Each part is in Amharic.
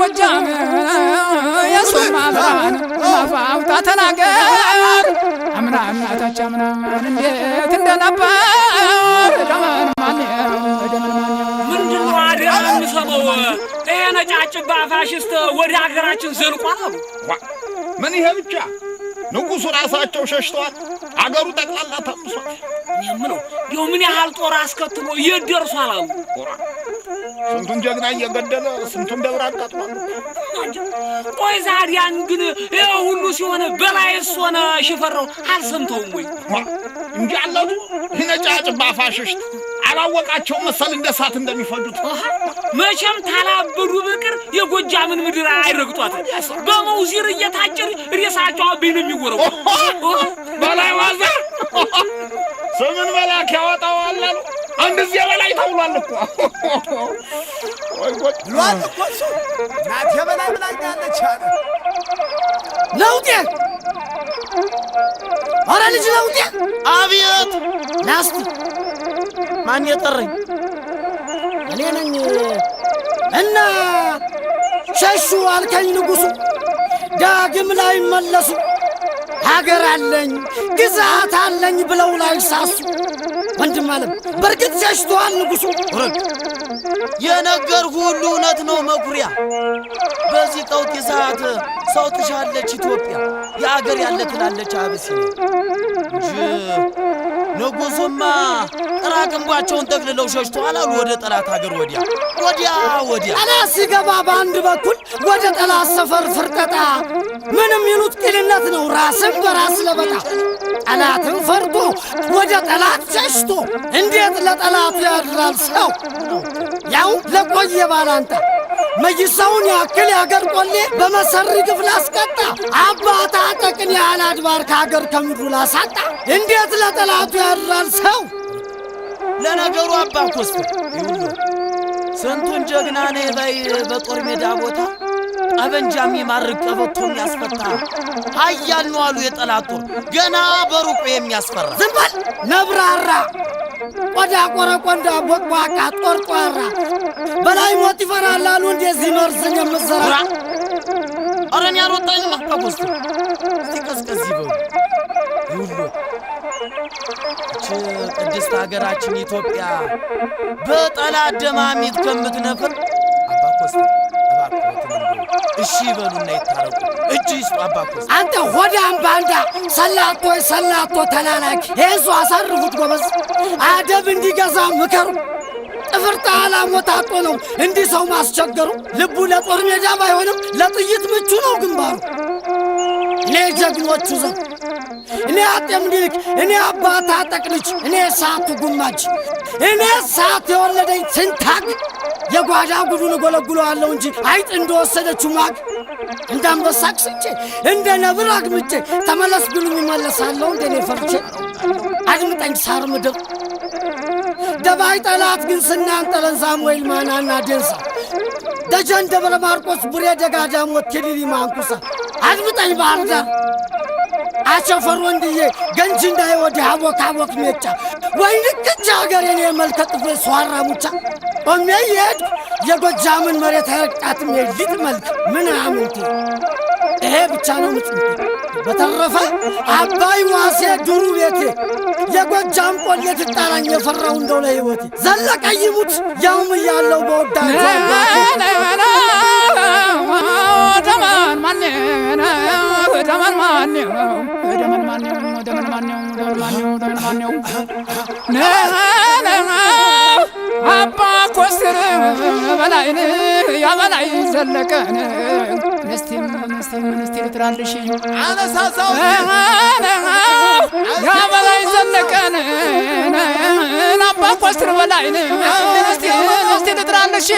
ጎጃም የሱም አብራን ማፋውጣ ተናገር አምና እናታች አምና እንዴት እንደነበር ደመን ምንድን ነጫጭባ ፋሽስት ወደ ሀገራችን ዘልቋል። ምን ይሄ ብቻ ንጉሡ ራሳቸው ሸሽተዋል። አገሩ ጠቅላላ ታምሷል። ምነው የው ምን ያህል ጦር አስከትሎ የት ደርሷል? አሉ ስንቱን ጀግና እየገደለ ስንቱን ደብር አቃጥሏል። ቆይ ዛዲያን ግን ይህ ሁሉ ሲሆነ በላይ ሆነ ሽፈረው አልሰምተውም ወይ እንጂ አለሉ ይነጫጭ ሸሽት አላወቃቸው መሰል እንደ እሳት እንደሚፈጁት። መቼም ታላበዱ በቅር የጎጃምን ምድር አይረግጧት። በመውዚር እየታጨር ሬሳቸው አቤን የሚወረው በላይ ዋዛ ስምን መላክ ያወጣዋል አሉ። አንድ እዚያ በላይ ተብሏል እኮ ብሏል እኮ እሱ ናት የበላይ ብላኛለች አለ ለውጤ። አረ ልጅ ለውጤ አብዮት ናስቲ ማን የጠረኝ? እኔ ነኝ። እና ሸሹ አልከኝ ንጉሡ፣ ዳግም ላይ መለሱ ሀገር አለኝ ግዛት አለኝ ብለው ላይ ሳሱ ወንድም አለም በእርግጥ ሸሽተዋል ንጉሡ። ረግ የነገር ሁሉ እውነት ነው መኩሪያ። በዚህ ቀውጢ ሰዓት ሰው ትሻለች ኢትዮጵያ፣ የአገር ያለ ትላለች አብሲኒያ እንጂ ንጉሡማ ቅራቅንቧቸውን ጠቅልለው ሸሽተዋል አሉ። ወደ ጠላት ሀገር ወዲያ ወዲያ ወዲያ ጠላት ሲገባ በአንድ በኩል ወደ ጠላት ሰፈር ፍርጠጣ ምንም ይሉት ቅልነት ነው። ራስን በራስ ለበጣ ጠላትን ፈርቶ ወደ ጠላት ሸሽቶ እንዴት ለጠላቱ ያድራል ሰው ያው ለቆየ ባላንጣ መይሳውን ያክል የአገር ቆሌ በመሰሪ ክፍል አስቀጣ አባታ ጠቅን ያህል አድባር ከአገር ከምድሩ ላሳጣ እንዴት ለጠላቱ ያድራል ሰው ለነገሩ አባት ይሁሉ ስንቱን ጀግና ባይ በጦር ሜዳ ቦታ ጠበንጃ የሚማርክ ቀበቶ የሚያስፈታ ኃያል ነው አሉ የጠላት ገና በሩቁ የሚያስፈራ ዝም በል ነብራራ ቆዳ ቆረቆንዳ ቦቅቧቃ ጦርጧራ በላይ ሞት ይፈራል አሉ እንደዚህ መርዝን የምትዘራ አረን ያልወጣኝ ማካቦስ እስቲ ቀዝቀዝ ይበሉ ይሁሉ ቅድስት ሀገራችን ኢትዮጵያ በጠላት ደማሚት ከምትነፍር አባ ኮስታ እባክዎትን እሺ ይበሉና ይታረቁ። እጅ ይስጡ አባ ኮስታ። አንተ ሆዳ ባንዳ ሰላቶ ሰላቶ ተላላኪ ሄዙ አሳርፉት ጎበዝ። አደብ እንዲገዛ ምከሩ። ጥፍርታ ጣላ ሞታጦ ነው እንዲህ ሰው ማስቸገሩ። ልቡ ለጦር ሜዳ ባይሆንም ለጥይት ምቹ ነው ግንባሩ። እኔ ጀግኖቹ ዘንድ እኔ አጤ ምኒልክ፣ እኔ አባት ታጠቅ ልጅ፣ እኔ ሰዓቱ ጉማጅ፣ እኔ ሰዓት የወለደኝ ስንታግ የጓዳ ጉዱን እጎለጉለዋለሁ እንጂ አይጥ እንደወሰደችው ማግ እንደ አንበሳ ቅስቼ እንደ ነብር አግምቼ ተመለስ ብሉኝ እመለሳለሁ እንደኔ ፈርቼ። አድምጠኝ ሳር ምድር ደባይ ጠላት ግን ስናንጠለን ሳሙኤል ማናና ደንሳ ደጀን ደብረ ማርቆስ ቡሬ ደጋዳሞት ኬዲሪ ማንኩሳ አድምጠኝ ባህር ዳር አቸፈር ወንድዬ ገንጂ እንዳይወድ አቦክ አቦክ ሜጫ ወይንቅጭ ሀገር ኔ መልከ ጥፍሬ ሷራ ሙቻ ኦሜ ይሄድ የጎጃምን መሬት አይረቅጣትም የሊጥ መልክ ምን አምንቴ ይሄ ብቻ ነው ምጭ በተረፈ አባይ ዋሴ ዱሩ ቤቴ የጎጃም ቆሌ ትጣራኝ የፈራው እንደው ለሕይወቴ ዘለቀ ይሙት ያውም እያለው በወዳጅ ተማን ማኔ ተመን ማነው ደመን ማነው ደመን ማነው ደመን ማነው ደመን ማነው አባ ኮስትር በላይን ያበላይ ዘለቀን ምስቲም አነሳሳው ያበላይ ዘለቀን አባ ኮስትር በላይን ትጥራለሽ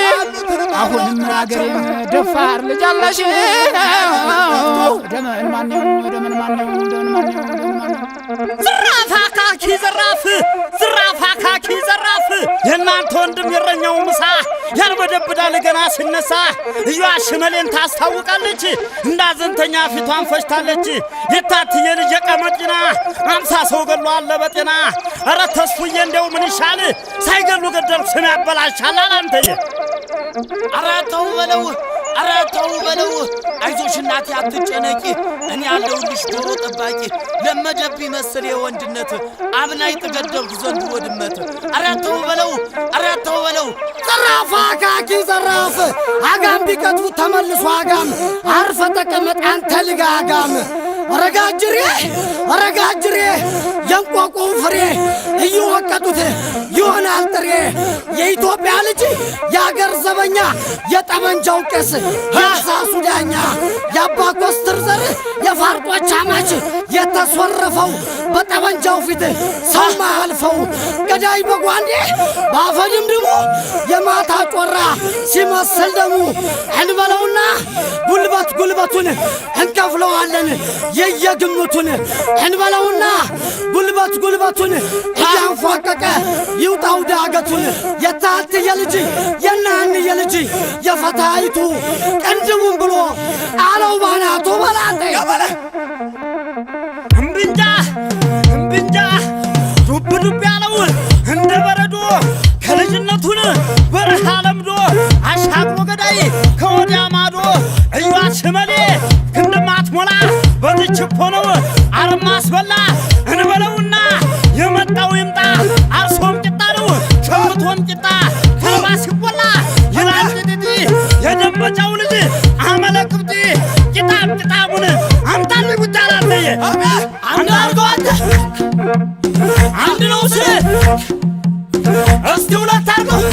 አሁንም ሀገር ደፋር ልጅ አለሽ ደመን ማንም ደመን ማንም ደመን ማንም ዝራፍ አካኪ ዝራፍ ዝራፍ አካኪ ዝራፍ የእናንተ ወንድም የረኛው ምሳ ያልበደብዳል ገና ሲነሳ እዩዋ ሽመሌን ታስታውቃለች እንዳዘንተኛ ፊቷን ፈሽታለች። የታትዬ ልጅ የቀመጭና አምሳ ሰው ገሎ አለ በጤና ኧረ ተስፉዬ እንደው ምን ይሻል ሳይገሉ ገደል ስም ያበላሻል አንተዬ! ኧረ ተው በለው፣ ኧረ ተው በለው። አይዞሽ እናቴ አትጨነቂ፣ እኔ ያለሁልሽ ዶሮ ጠባቂ። ለመደብ ይመስል የወንድነት አብላይ ጥገደብኩ ዘንድ ወድመት። ኧረ ተው በለው፣ ኧረ ተው በለው። ዘራፍ አካኪ ዘራፍ፣ አጋም ቢቀጡ ተመልሶ አጋም። አርፈ ተቀመጥ አንተ ልጋጋም ረጋጅሬ ረጋጅሬ የንቆቆው ፍሬ እየወቀጡት ይሆናል ጥሬ የኢትዮጵያ ልጅ ዘበኛ የጠመንጃው ቄስ የእርሳሱ ዳኛ የአባ ኮስትር ዘር የፋርጦች አማች የተስወረፈው በጠመንጃው ፊት ሰው ማያልፈው ገዳይ በጓንዴ በአፈድም ድሞ የማታ ጮራ ሲመስል ደሙ እንበለውና ጉልበት ጉልበቱን እንከፍለዋለን የየግምቱን እንበለውና ጉልበት ጉልበቱን እያንፏቀቀ ይውጣው ዳገቱን የታትየ ልጅ የናን የዘገየ ልጅ የፈታይቱ ቅንድሙን ብሎ አለው ባናቱ በላተ እምብንጃ እምብንጃ ዱብ ዱብ ያለው እንደ በረዶ ከልጅነቱን በረሃ ለምዶ አሻቅቦ ገዳይ ከወዲያ ማዶ እዩ አሽመሌ ግንድማት ሞላ በትችፖ ነው አርማስ በላ ቅጣሙን አምጣል ጉዳላለየ አንድ አርገዋለ አንድ ነው እስቲ ሁለት አርገው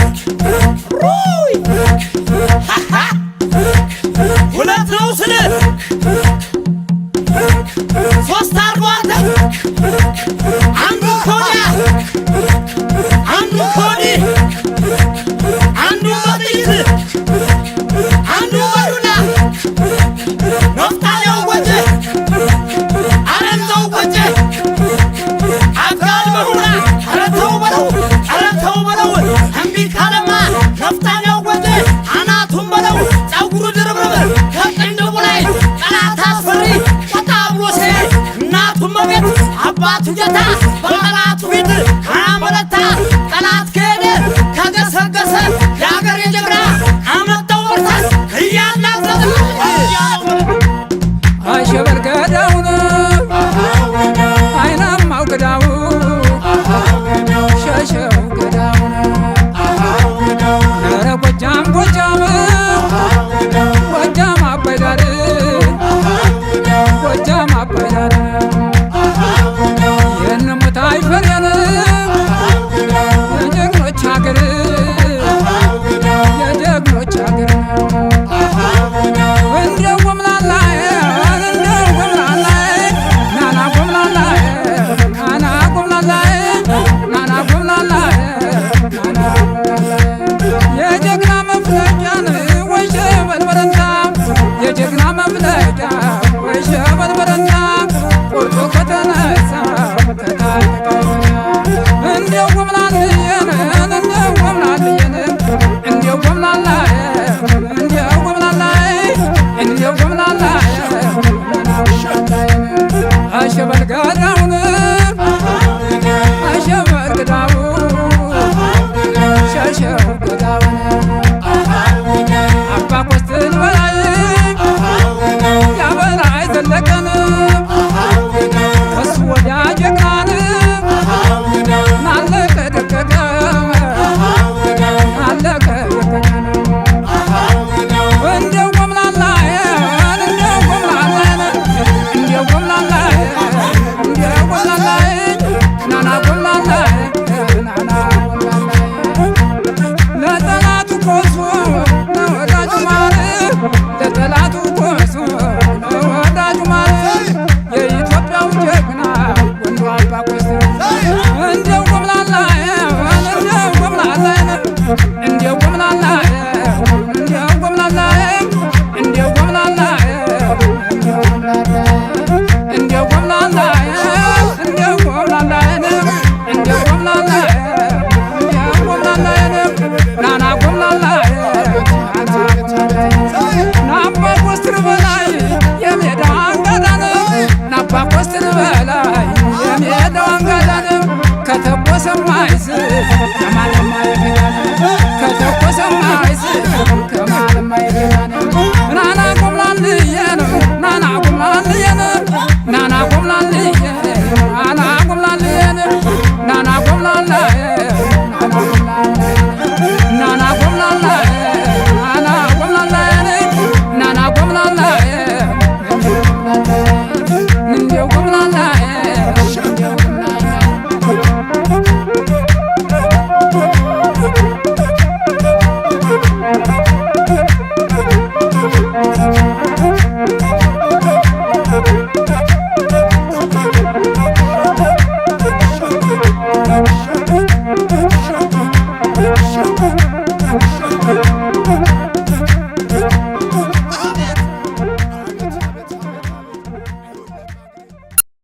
오빠 죽였다!